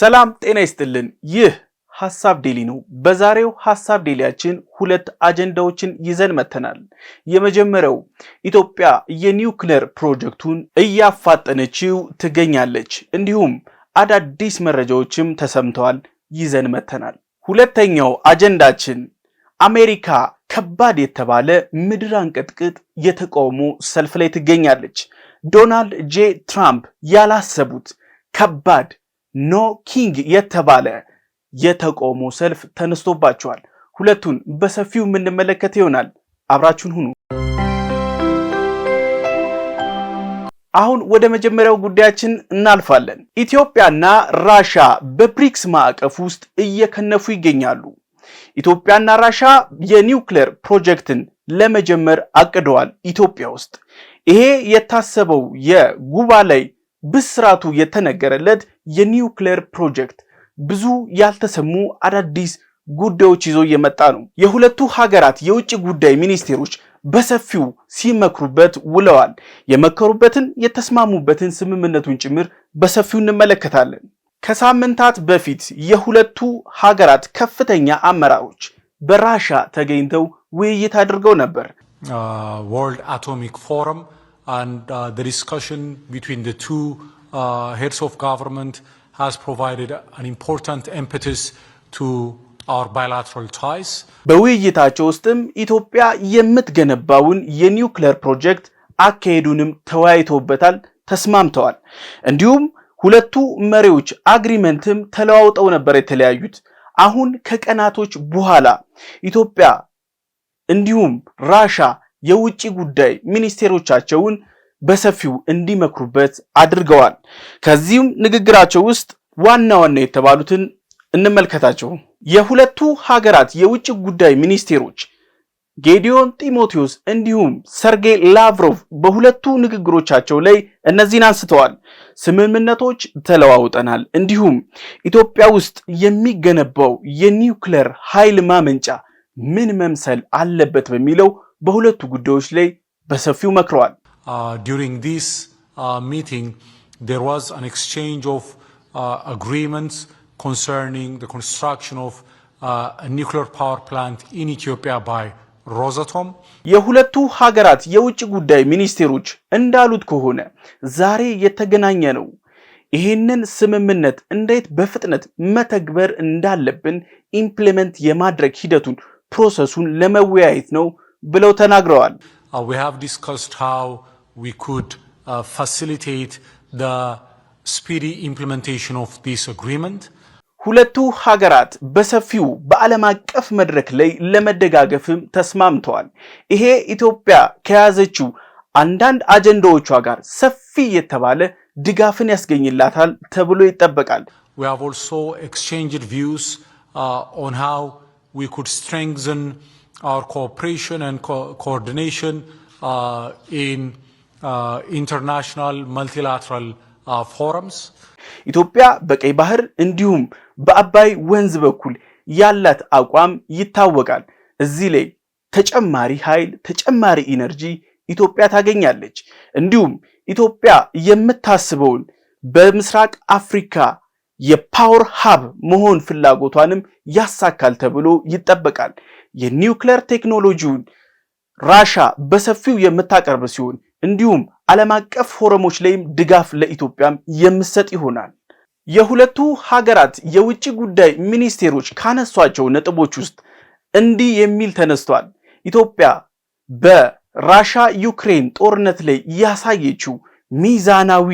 ሰላም ጤና ይስጥልን። ይህ ሀሳብ ዴሊ ነው። በዛሬው ሀሳብ ዴሊያችን ሁለት አጀንዳዎችን ይዘን መተናል። የመጀመሪያው ኢትዮጵያ የኒውክሌር ፕሮጀክቱን እያፋጠነችው ትገኛለች፣ እንዲሁም አዳዲስ መረጃዎችም ተሰምተዋል ይዘን መተናል። ሁለተኛው አጀንዳችን አሜሪካ ከባድ የተባለ ምድር አንቀጥቅጥ የተቃውሞ ሰልፍ ላይ ትገኛለች። ዶናልድ ጄ ትራምፕ ያላሰቡት ከባድ ኖ ኪንግ የተባለ የተቃውሞ ሰልፍ ተነስቶባቸዋል። ሁለቱን በሰፊው የምንመለከት ይሆናል። አብራችሁን ሁኑ። አሁን ወደ መጀመሪያው ጉዳያችን እናልፋለን። ኢትዮጵያና ራሻ በብሪክስ ማዕቀፍ ውስጥ እየከነፉ ይገኛሉ። ኢትዮጵያና ራሻ የኒውክሌር ፕሮጀክትን ለመጀመር አቅደዋል ኢትዮጵያ ውስጥ ይሄ የታሰበው የጉባ ላይ ብስራቱ የተነገረለት የኒውክሌር ፕሮጀክት ብዙ ያልተሰሙ አዳዲስ ጉዳዮች ይዞ እየመጣ ነው። የሁለቱ ሀገራት የውጭ ጉዳይ ሚኒስቴሮች በሰፊው ሲመክሩበት ውለዋል። የመከሩበትን የተስማሙበትን ስምምነቱን ጭምር በሰፊው እንመለከታለን። ከሳምንታት በፊት የሁለቱ ሀገራት ከፍተኛ አመራሮች በራሻ ተገኝተው ውይይት አድርገው ነበር። ወርልድ አቶሚክ ፎረም and uh, the discussion between the two uh, heads of government has provided an important impetus to በውይይታቸው ውስጥም ኢትዮጵያ የምትገነባውን የኒውክለር ፕሮጀክት አካሄዱንም ተወያይተውበታል፣ ተስማምተዋል። እንዲሁም ሁለቱ መሪዎች አግሪመንትም ተለዋውጠው ነበር የተለያዩት። አሁን ከቀናቶች በኋላ ኢትዮጵያ እንዲሁም ራሻ የውጭ ጉዳይ ሚኒስቴሮቻቸውን በሰፊው እንዲመክሩበት አድርገዋል። ከዚህም ንግግራቸው ውስጥ ዋና ዋና የተባሉትን እንመልከታቸው። የሁለቱ ሀገራት የውጭ ጉዳይ ሚኒስቴሮች ጌዲዮን ጢሞቴዎስ እንዲሁም ሰርጌይ ላቭሮቭ በሁለቱ ንግግሮቻቸው ላይ እነዚህን አንስተዋል። ስምምነቶች ተለዋውጠናል፣ እንዲሁም ኢትዮጵያ ውስጥ የሚገነባው የኒውክሌር ኃይል ማመንጫ ምን መምሰል አለበት በሚለው በሁለቱ ጉዳዮች ላይ በሰፊው መክረዋል። ዱሪንግ ዲስ ሚቲንግ ዜር ዋዝ አን ኤክስቼንጅ ኦፍ አግሪመንትስ ኮንሰርኒንግ ዘ ኮንስትራክሽን ኦፍ ኒውክሌር ፓወር ፕላንት ኢን ኢትዮጵያ ባይ ሮዘቶም የሁለቱ ሀገራት የውጭ ጉዳይ ሚኒስቴሮች እንዳሉት ከሆነ ዛሬ የተገናኘ ነው ይህንን ስምምነት እንዴት በፍጥነት መተግበር እንዳለብን ኢምፕሌመንት የማድረግ ሂደቱን ፕሮሰሱን ለመወያየት ነው ብለው ተናግረዋል። uh, uh, ሁለቱ ሀገራት በሰፊው በዓለም አቀፍ መድረክ ላይ ለመደጋገፍም ተስማምተዋል። ይሄ ኢትዮጵያ ከያዘችው አንዳንድ አጀንዳዎቿ ጋር ሰፊ የተባለ ድጋፍን ያስገኝላታል ተብሎ ይጠበቃል። ዊ our cooperation and co coordination uh, in uh, international multilateral uh, forums. ኢትዮጵያ በቀይ ባህር እንዲሁም በአባይ ወንዝ በኩል ያላት አቋም ይታወቃል። እዚህ ላይ ተጨማሪ ኃይል ተጨማሪ ኢነርጂ ኢትዮጵያ ታገኛለች። እንዲሁም ኢትዮጵያ የምታስበውን በምስራቅ አፍሪካ የፓወር ሀብ መሆን ፍላጎቷንም ያሳካል ተብሎ ይጠበቃል። የኒውክሌር ቴክኖሎጂውን ራሻ በሰፊው የምታቀርብ ሲሆን እንዲሁም ዓለም አቀፍ ፎረሞች ላይም ድጋፍ ለኢትዮጵያም የምሰጥ ይሆናል። የሁለቱ ሀገራት የውጭ ጉዳይ ሚኒስቴሮች ካነሷቸው ነጥቦች ውስጥ እንዲህ የሚል ተነስቷል። ኢትዮጵያ በራሻ ዩክሬን ጦርነት ላይ ያሳየችው ሚዛናዊ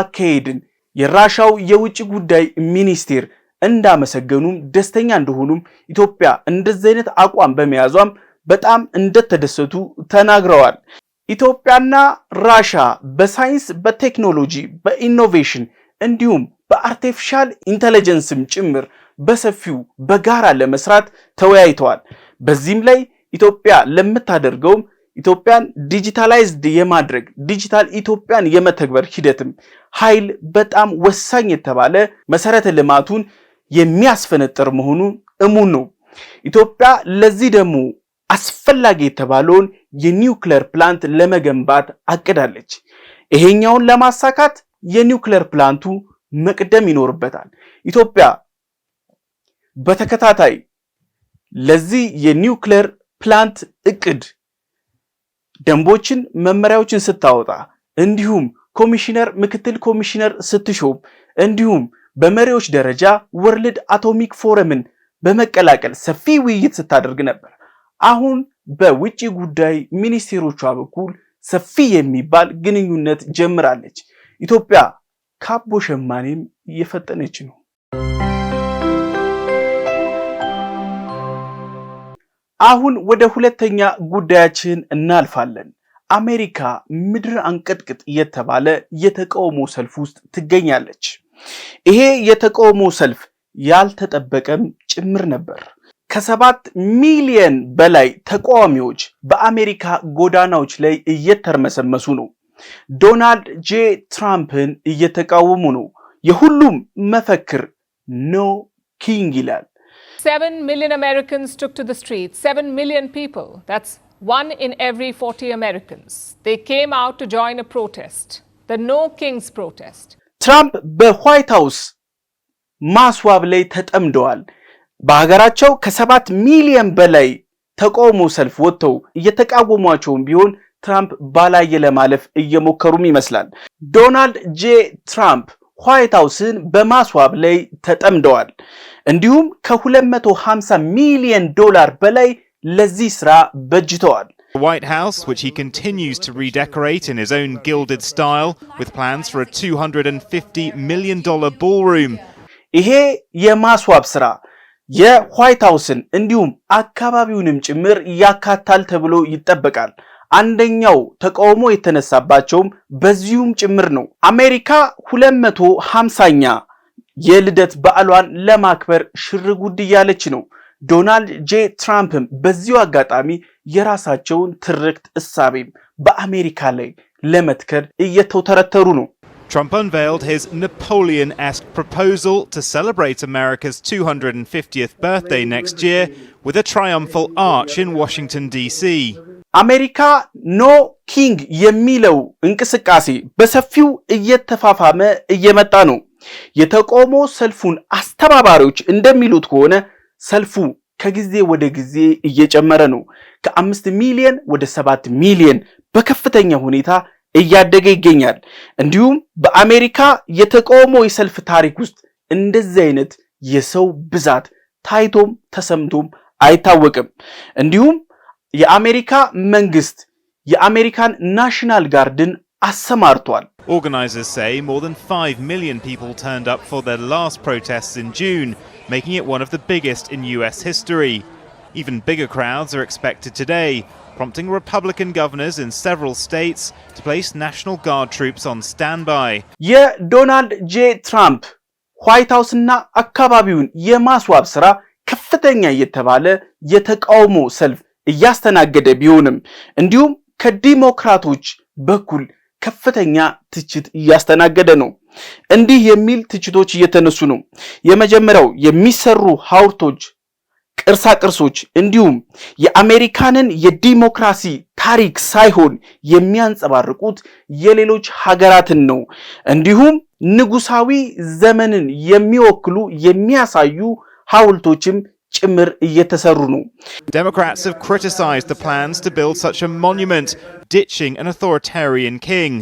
አካሄድን የራሻው የውጭ ጉዳይ ሚኒስቴር እንዳመሰገኑም ደስተኛ እንደሆኑም ኢትዮጵያ እንደዚህ አይነት አቋም በመያዟም በጣም እንደተደሰቱ ተናግረዋል። ኢትዮጵያና ራሻ በሳይንስ፣ በቴክኖሎጂ፣ በኢኖቬሽን እንዲሁም በአርቲፊሻል ኢንተለጀንስም ጭምር በሰፊው በጋራ ለመስራት ተወያይተዋል። በዚህም ላይ ኢትዮጵያ ለምታደርገውም ኢትዮጵያን ዲጂታላይዝድ የማድረግ ዲጂታል ኢትዮጵያን የመተግበር ሂደትም ኃይል በጣም ወሳኝ የተባለ መሰረተ ልማቱን የሚያስፈነጥር መሆኑ እሙን ነው። ኢትዮጵያ ለዚህ ደግሞ አስፈላጊ የተባለውን የኒውክለር ፕላንት ለመገንባት አቅዳለች። ይሄኛውን ለማሳካት የኒውክለር ፕላንቱ መቅደም ይኖርበታል። ኢትዮጵያ በተከታታይ ለዚህ የኒውክለር ፕላንት እቅድ ደንቦችን፣ መመሪያዎችን ስታወጣ እንዲሁም ኮሚሽነር፣ ምክትል ኮሚሽነር ስትሾም እንዲሁም በመሪዎች ደረጃ ወርልድ አቶሚክ ፎረምን በመቀላቀል ሰፊ ውይይት ስታደርግ ነበር። አሁን በውጭ ጉዳይ ሚኒስቴሮቿ በኩል ሰፊ የሚባል ግንኙነት ጀምራለች። ኢትዮጵያ ከአቦ ሸማኔም እየፈጠነች ነው። አሁን ወደ ሁለተኛ ጉዳያችን እናልፋለን። አሜሪካ ምድር አንቀጥቅጥ የተባለ የተቃውሞ ሰልፍ ውስጥ ትገኛለች። ይሄ የተቃውሞ ሰልፍ ያልተጠበቀም ጭምር ነበር። ከሰባት ሚሊየን በላይ ተቃዋሚዎች በአሜሪካ ጎዳናዎች ላይ እየተርመሰመሱ ነው። ዶናልድ ጄ ትራምፕን እየተቃወሙ ነው። የሁሉም መፈክር ኖ ኪንግ ይላል። Seven million Americans took to the streets, seven million people. That's one in every 40 Americans. They came out to join a protest, the No Kings protest. Trump, the White House, Maswavle በሀገራቸው ቸው ከሰባት ሚሊዮን በላይ ተቃውሞ ሰልፍ ወጥተው እየተቃወሟቸውም ቢሆን ትራምፕ ባላየ ለማለፍ እየሞከሩም ይመስላል። ዶናልድ ጄ ትራምፕ ዋይት ሀውስን በማስዋብ ላይ ተጠምደዋል። እንዲሁም ከ250 ሚሊዮን ዶላር በላይ ለዚህ ስራ በጅተዋል። White House, which he continues to redecorate in his own gilded style with plans for a 250 million dollar ballroom ይሄ የማስዋብ ስራ የዋይት ሃውስን እንዲሁም አካባቢውንም ጭምር ያካታል ተብሎ ይጠበቃል። አንደኛው ተቃውሞ የተነሳባቸውም በዚሁም ጭምር ነው። አሜሪካ 250ኛ የልደት በዓሏን ለማክበር ሽርጉድ እያለች ነው። ዶናልድ ጄ ትራምፕም በዚሁ አጋጣሚ የራሳቸውን ትርክት እሳቤም በአሜሪካ ላይ ለመትከል እየተውተረተሩ ነው። Trump unveiled his Napoleon esque proposal to celebrate America's 250th birthday next year with a triumphal arch in Washington, D.C. አሜሪካ ኖ ኪንግ የሚለው እንቅስቃሴ በሰፊው እየተፋፋመ እየመጣ ነው። የተቃውሞ ሰልፉን አስተባባሪዎች እንደሚሉት ከሆነ ሰልፉ ከጊዜ ወደ ጊዜ እየጨመረ ነው። ከአምስት ሚሊዮን ወደ ሰባት ሚሊዮን በከፍተኛ ሁኔታ እያደገ ይገኛል። እንዲሁም በአሜሪካ የተቃውሞ የሰልፍ ታሪክ ውስጥ እንደዚህ አይነት የሰው ብዛት ታይቶም ተሰምቶም አይታወቅም። እንዲሁም የአሜሪካ መንግስት የአሜሪካን ናሽናል ጋርድን አሰማርቷል። Organisers say more than 5 million people turned up for their last protests in June, making it one of the biggest in US history. Even bigger crowds are expected today, prompting Republican governors in several states to place National Guard troops on standby. የዶናልድ ጄ ትራምፕ ዋይት ሀውስና አካባቢውን የማስዋብ ስራ ከፍተኛ እየተባለ የተቃውሞ ሰልፍ እያስተናገደ ቢሆንም እንዲሁም ከዲሞክራቶች በኩል ከፍተኛ ትችት እያስተናገደ ነው። እንዲህ የሚል ትችቶች እየተነሱ ነው። የመጀመሪያው የሚሰሩ ሐውልቶች፣ ቅርሳ ቅርሶች እንዲሁም የአሜሪካንን የዲሞክራሲ ታሪክ ሳይሆን የሚያንጸባርቁት የሌሎች ሀገራትን ነው። እንዲሁም ንጉሳዊ ዘመንን የሚወክሉ የሚያሳዩ ሐውልቶችም ጭምር እየተሰሩ ነው። Democrats have criticized ditching an authoritarian king.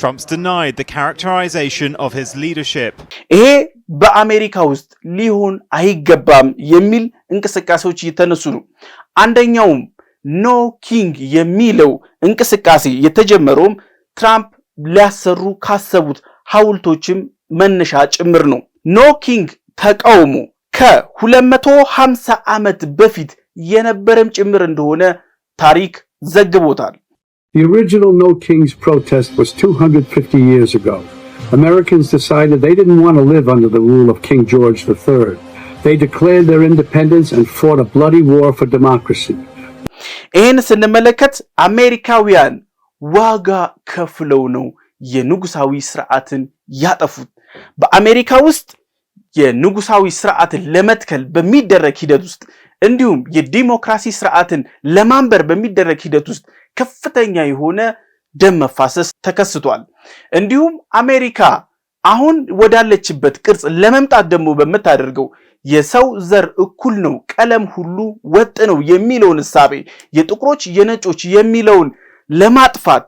ትራምፕስ denied the characterization of his leadership. ይሄ በአሜሪካ ውስጥ ሊሆን አይገባም የሚል እንቅስቃሴዎች እየተነሱ ነው። አንደኛውም ኖ ኪንግ የሚለው እንቅስቃሴ የተጀመረውም ትራምፕ ሊያሰሩ ካሰቡት ሐውልቶችም መነሻ ጭምር ነው። ኖ ኪንግ ተቃውሞ ከ250 ዓመት በፊት የነበረም ጭምር እንደሆነ ታሪክ ዘግቦታል። The original No Kings protest was 250 years ago. Americans decided they didn't want to live under the rule of King George III. They declared their independence and fought a bloody war for democracy. ይህን ስንመለከት አሜሪካውያን ዋጋ ከፍለው ነው የንጉሳዊ ስርዓትን ያጠፉት። በአሜሪካ ውስጥ የንጉሳዊ ስርዓትን ለመትከል በሚደረግ ሂደት ውስጥ እንዲሁም የዲሞክራሲ ስርዓትን ለማንበር በሚደረግ ሂደት ውስጥ ከፍተኛ የሆነ ደም መፋሰስ ተከስቷል። እንዲሁም አሜሪካ አሁን ወዳለችበት ቅርጽ ለመምጣት ደግሞ በምታደርገው የሰው ዘር እኩል ነው፣ ቀለም ሁሉ ወጥ ነው የሚለውን እሳቤ የጥቁሮች የነጮች የሚለውን ለማጥፋት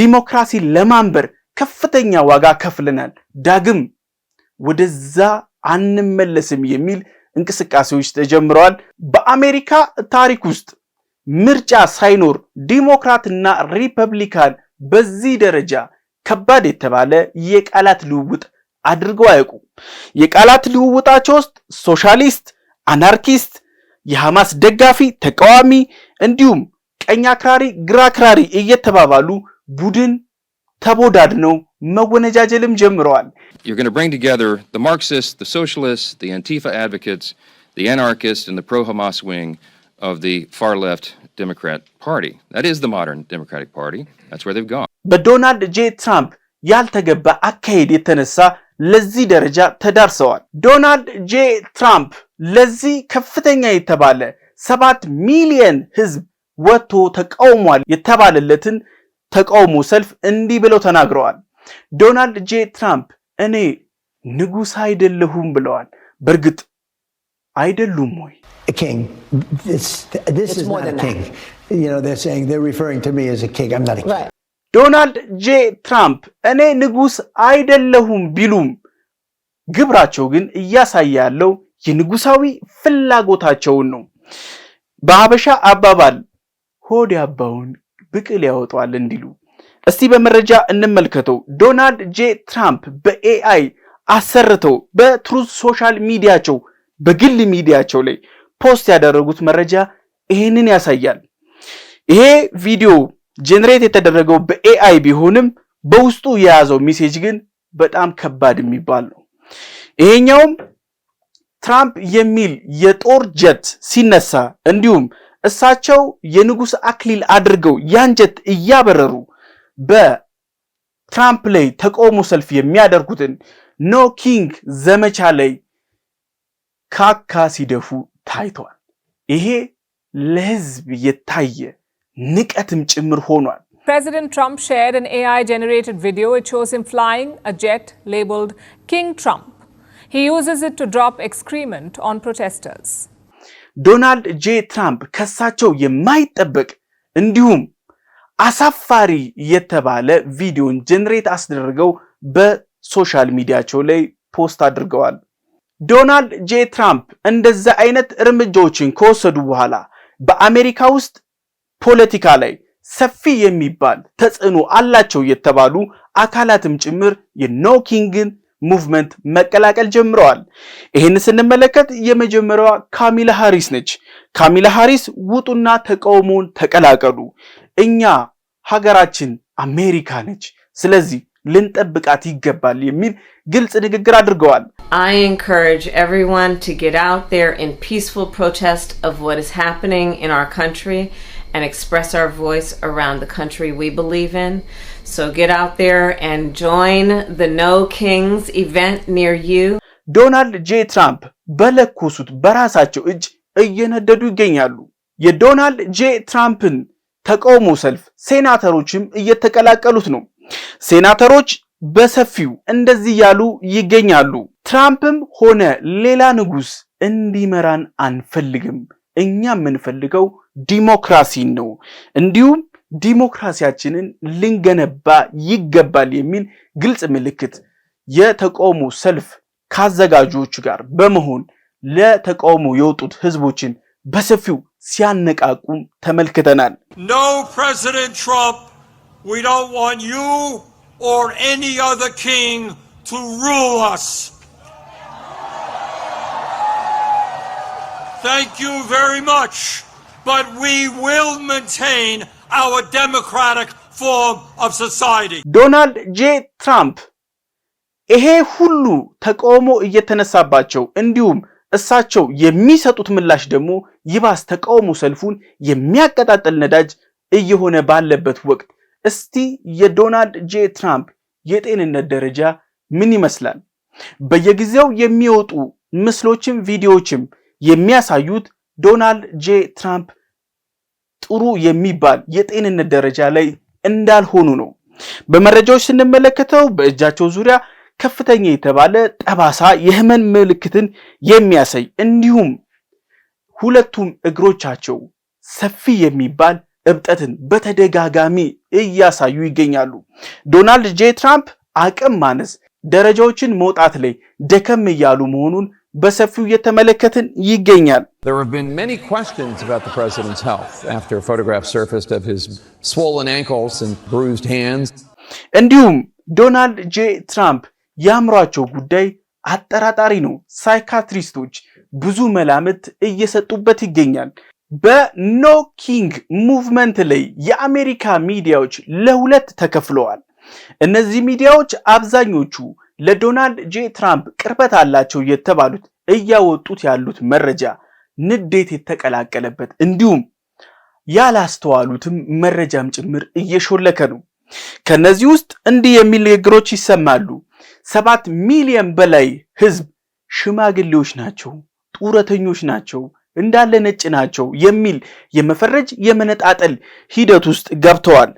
ዲሞክራሲ ለማንበር ከፍተኛ ዋጋ ከፍለናል፣ ዳግም ወደዛ አንመለስም የሚል እንቅስቃሴዎች ተጀምረዋል። በአሜሪካ ታሪክ ውስጥ ምርጫ ሳይኖር ዲሞክራትና ሪፐብሊካን በዚህ ደረጃ ከባድ የተባለ የቃላት ልውውጥ አድርገው አያውቁ። የቃላት ልውውጣቸው ውስጥ ሶሻሊስት፣ አናርኪስት፣ የሐማስ ደጋፊ፣ ተቃዋሚ እንዲሁም ቀኝ አክራሪ፣ ግራ አክራሪ እየተባባሉ ቡድን ነው መወነጃጀልም ጀምረዋል። You're going to bring together the Marxists, the socialists, the Antifa advocates, the anarchists and the pro-Hamas wing of the far left Democrat Party. That is the modern Democratic Party. That's where they've gone. በዶናልድ ጄ ትራምፕ ያልተገባ አካሄድ የተነሳ ለዚህ ደረጃ ተዳርሰዋል። ዶናልድ ጄ ትራምፕ ለዚህ ከፍተኛ የተባለ ሰባት ሚሊየን ህዝብ ወጥቶ ተቃውሟል የተባለለትን ተቃውሞ ሰልፍ እንዲህ ብለው ተናግረዋል። ዶናልድ ጄ ትራምፕ እኔ ንጉሥ አይደለሁም ብለዋል። በእርግጥ አይደሉም ወይ? ዶናልድ ጄ ትራምፕ እኔ ንጉስ አይደለሁም ቢሉም ግብራቸው ግን እያሳየ ያለው የንጉሳዊ ፍላጎታቸውን ነው። በሀበሻ አባባል ሆድ ያባውን ብቅል ያወጣዋል እንዲሉ እስቲ በመረጃ እንመልከተው። ዶናልድ ጄ ትራምፕ በኤአይ አሰርተው በትሩዝ ሶሻል ሚዲያቸው በግል ሚዲያቸው ላይ ፖስት ያደረጉት መረጃ ይሄንን ያሳያል። ይሄ ቪዲዮ ጄኔሬት የተደረገው በኤአይ ቢሆንም በውስጡ የያዘው ሜሴጅ ግን በጣም ከባድ የሚባል ነው። ይሄኛውም ትራምፕ የሚል የጦር ጀት ሲነሳ እንዲሁም እሳቸው የንጉሥ አክሊል አድርገው ያን ጀት እያበረሩ በትራምፕ ላይ ተቃውሞ ሰልፍ የሚያደርጉትን ኖ ኪንግ ዘመቻ ላይ ካካ ሲደፉ ታይቷል። ይሄ ለህዝብ የታየ ንቀትም ጭምር ሆኗል። ፕሬዚደንት ትራምፕ ሼርድ ን ኤአይ ጀነሬትድ ቪዲዮ ዊች ሾውስ ሂም ፍላይንግ አ ሌብልድ ኪንግ ትራምፕ ሂ ዩዝስ ኢት ድሮፕ ኤክስክሪመንት ኦን ፕሮቴስተርስ። ዶናልድ ጄ ትራምፕ ከሳቸው የማይጠበቅ እንዲሁም አሳፋሪ የተባለ ቪዲዮን ጀነሬት አስደርገው በሶሻል ሚዲያቸው ላይ ፖስት አድርገዋል። ዶናልድ ጄ ትራምፕ እንደዛ አይነት እርምጃዎችን ከወሰዱ በኋላ በአሜሪካ ውስጥ ፖለቲካ ላይ ሰፊ የሚባል ተጽዕኖ አላቸው የተባሉ አካላትም ጭምር የኖ ኪንግን ሙቭመንት መቀላቀል ጀምረዋል። ይህን ስንመለከት የመጀመሪያዋ ካሚላ ሃሪስ ነች። ካሚላ ሃሪስ ውጡና ተቃውሞውን ተቀላቀሉ፣ እኛ ሀገራችን አሜሪካ ነች፣ ስለዚህ ልንጠብቃት ይገባል የሚል ግልጽ ንግግር አድርገዋል። I encourage everyone to get out there in peaceful protest of what is happening in our country and express our voice around the country we believe in. So get out there and join the No Kings event near you. ዶናልድ ጄ ትራምፕ በለኮሱት በራሳቸው እጅ እየነደዱ ይገኛሉ። የዶናልድ ጄ ትራምፕን ተቃውሞ ሰልፍ ሴናተሮችም እየተቀላቀሉት ነው። ሴናተሮች በሰፊው እንደዚህ ያሉ ይገኛሉ። ትራምፕም ሆነ ሌላ ንጉስ እንዲመራን አንፈልግም። እኛ የምንፈልገው ዲሞክራሲን ነው፣ እንዲሁም ዲሞክራሲያችንን ልንገነባ ይገባል የሚል ግልጽ ምልክት የተቃውሞ ሰልፍ ከአዘጋጆቹ ጋር በመሆን ለተቃውሞ የወጡት ህዝቦችን በሰፊው ሲያነቃቁም ተመልክተናል። We don't want you or any other king to rule us. Thank you very much. But we will maintain our democratic form of society. ዶናልድ ጄ ትራምፕ ይሄ ሁሉ ተቃውሞ እየተነሳባቸው እንዲሁም እሳቸው የሚሰጡት ምላሽ ደግሞ ይባስ ተቃውሞ ሰልፉን የሚያቀጣጥል ነዳጅ እየሆነ ባለበት ወቅት እስቲ የዶናልድ ጄ ትራምፕ የጤንነት ደረጃ ምን ይመስላል? በየጊዜው የሚወጡ ምስሎችም ቪዲዮዎችም የሚያሳዩት ዶናልድ ጄ ትራምፕ ጥሩ የሚባል የጤንነት ደረጃ ላይ እንዳልሆኑ ነው። በመረጃዎች ስንመለከተው በእጃቸው ዙሪያ ከፍተኛ የተባለ ጠባሳ የህመን ምልክትን የሚያሳይ እንዲሁም ሁለቱም እግሮቻቸው ሰፊ የሚባል እብጠትን በተደጋጋሚ እያሳዩ ይገኛሉ። ዶናልድ ጄ ትራምፕ አቅም ማነስ ደረጃዎችን መውጣት ላይ ደከም እያሉ መሆኑን በሰፊው እየተመለከትን ይገኛል። እንዲሁም ዶናልድ ጄ ትራምፕ የአእምሯቸው ጉዳይ አጠራጣሪ ነው። ሳይካትሪስቶች ብዙ መላምት እየሰጡበት ይገኛል። በኖ ኪንግ ሙቭመንት ላይ የአሜሪካ ሚዲያዎች ለሁለት ተከፍለዋል። እነዚህ ሚዲያዎች አብዛኞቹ ለዶናልድ ጄ ትራምፕ ቅርበት አላቸው የተባሉት እያወጡት ያሉት መረጃ ንዴት የተቀላቀለበት እንዲሁም ያላስተዋሉትም መረጃም ጭምር እየሾለከ ነው። ከነዚህ ውስጥ እንዲህ የሚል ንግግሮች ይሰማሉ። ሰባት ሚሊዮን በላይ ህዝብ ሽማግሌዎች ናቸው፣ ጡረተኞች ናቸው እንዳለ ነጭ ናቸው የሚል የመፈረጅ የመነጣጠል ሂደት ውስጥ ገብተዋል።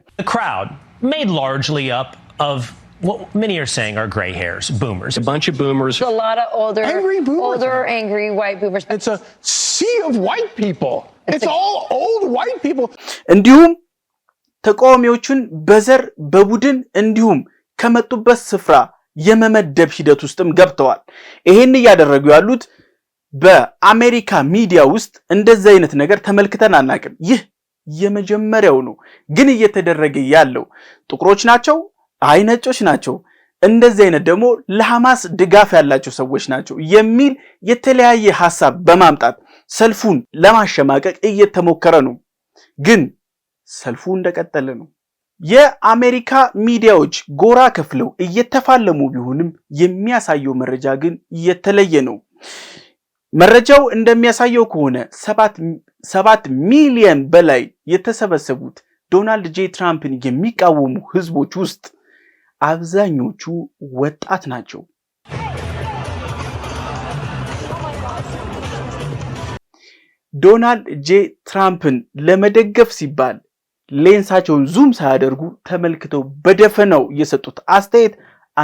እንዲሁም ተቃዋሚዎቹን በዘር በቡድን እንዲሁም ከመጡበት ስፍራ የመመደብ ሂደት ውስጥም ገብተዋል። ይሄን እያደረጉ ያሉት በአሜሪካ ሚዲያ ውስጥ እንደዚህ አይነት ነገር ተመልክተን አናቅም። ይህ የመጀመሪያው ነው። ግን እየተደረገ ያለው ጥቁሮች ናቸው፣ አይ ነጮች ናቸው፣ እንደዚህ አይነት ደግሞ ለሐማስ ድጋፍ ያላቸው ሰዎች ናቸው የሚል የተለያየ ሐሳብ በማምጣት ሰልፉን ለማሸማቀቅ እየተሞከረ ነው። ግን ሰልፉ እንደቀጠለ ነው። የአሜሪካ ሚዲያዎች ጎራ ከፍለው እየተፋለሙ ቢሆንም የሚያሳየው መረጃ ግን እየተለየ ነው። መረጃው እንደሚያሳየው ከሆነ ሰባት ሚሊየን በላይ የተሰበሰቡት ዶናልድ ጄ ትራምፕን የሚቃወሙ ህዝቦች ውስጥ አብዛኞቹ ወጣት ናቸው። ዶናልድ ጄ ትራምፕን ለመደገፍ ሲባል ሌንሳቸውን ዙም ሳያደርጉ ተመልክተው በደፈናው የሰጡት አስተያየት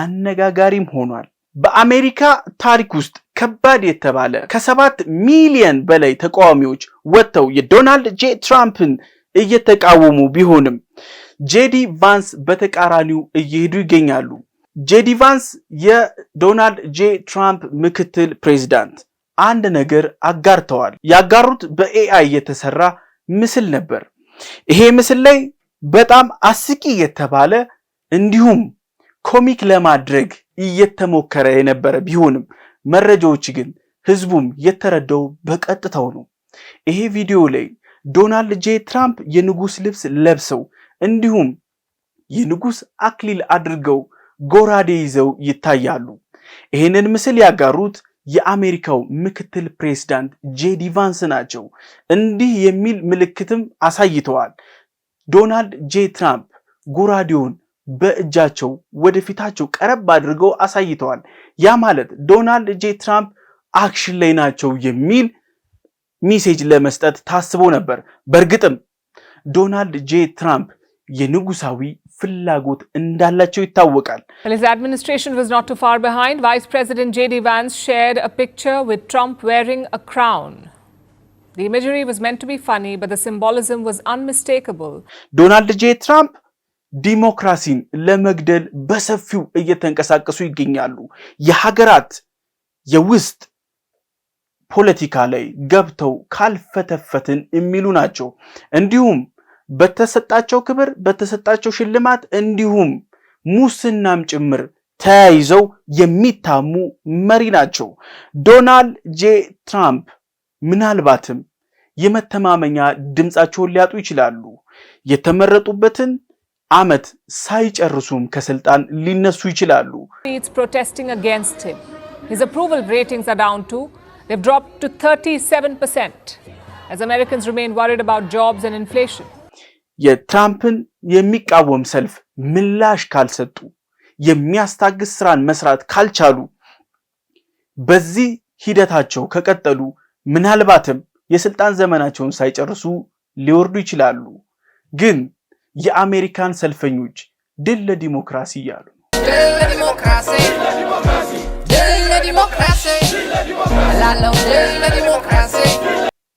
አነጋጋሪም ሆኗል። በአሜሪካ ታሪክ ውስጥ ከባድ የተባለ ከሰባት ሚሊየን በላይ ተቃዋሚዎች ወጥተው የዶናልድ ጄ ትራምፕን እየተቃወሙ ቢሆንም ጄዲ ቫንስ በተቃራኒው እየሄዱ ይገኛሉ። ጄዲ ቫንስ የዶናልድ ጄ ትራምፕ ምክትል ፕሬዚዳንት አንድ ነገር አጋርተዋል። ያጋሩት በኤአይ የተሰራ ምስል ነበር። ይሄ ምስል ላይ በጣም አስቂ የተባለ እንዲሁም ኮሚክ ለማድረግ እየተሞከረ የነበረ ቢሆንም መረጃዎች ግን ህዝቡም የተረዳው በቀጥታው ነው። ይሄ ቪዲዮ ላይ ዶናልድ ጄ ትራምፕ የንጉስ ልብስ ለብሰው እንዲሁም የንጉስ አክሊል አድርገው ጎራዴ ይዘው ይታያሉ። ይህንን ምስል ያጋሩት የአሜሪካው ምክትል ፕሬዝዳንት ጄዲ ቫንስ ናቸው። እንዲህ የሚል ምልክትም አሳይተዋል። ዶናልድ ጄ ትራምፕ ጎራዴውን በእጃቸው ወደፊታቸው ቀረብ አድርገው አሳይተዋል። ያ ማለት ዶናልድ ጄ ትራምፕ አክሽን ላይ ናቸው የሚል ሚሴጅ ለመስጠት ታስቦ ነበር። በእርግጥም ዶናልድ ጄ ትራምፕ የንጉሳዊ ፍላጎት እንዳላቸው ይታወቃል። ዶናልድ ጄ ትራምፕ ዲሞክራሲን ለመግደል በሰፊው እየተንቀሳቀሱ ይገኛሉ። የሀገራት የውስጥ ፖለቲካ ላይ ገብተው ካልፈተፈትን የሚሉ ናቸው። እንዲሁም በተሰጣቸው ክብር፣ በተሰጣቸው ሽልማት እንዲሁም ሙስናም ጭምር ተያይዘው የሚታሙ መሪ ናቸው። ዶናልድ ጄ ትራምፕ ምናልባትም የመተማመኛ ድምፃቸውን ሊያጡ ይችላሉ። የተመረጡበትን ዓመት ሳይጨርሱም ከስልጣን ሊነሱ ይችላሉ። የትራምፕን የሚቃወም ሰልፍ ምላሽ ካልሰጡ፣ የሚያስታግስ ስራን መስራት ካልቻሉ፣ በዚህ ሂደታቸው ከቀጠሉ ምናልባትም የስልጣን ዘመናቸውን ሳይጨርሱ ሊወርዱ ይችላሉ ግን የአሜሪካን ሰልፈኞች ድል ለዲሞክራሲ እያሉ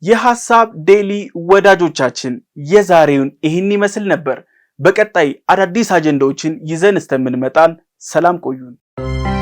የሀሳብ ዴሊ ወዳጆቻችን የዛሬውን ይህን ይመስል ነበር። በቀጣይ አዳዲስ አጀንዳዎችን ይዘን እስከምንመጣን ሰላም ቆዩን።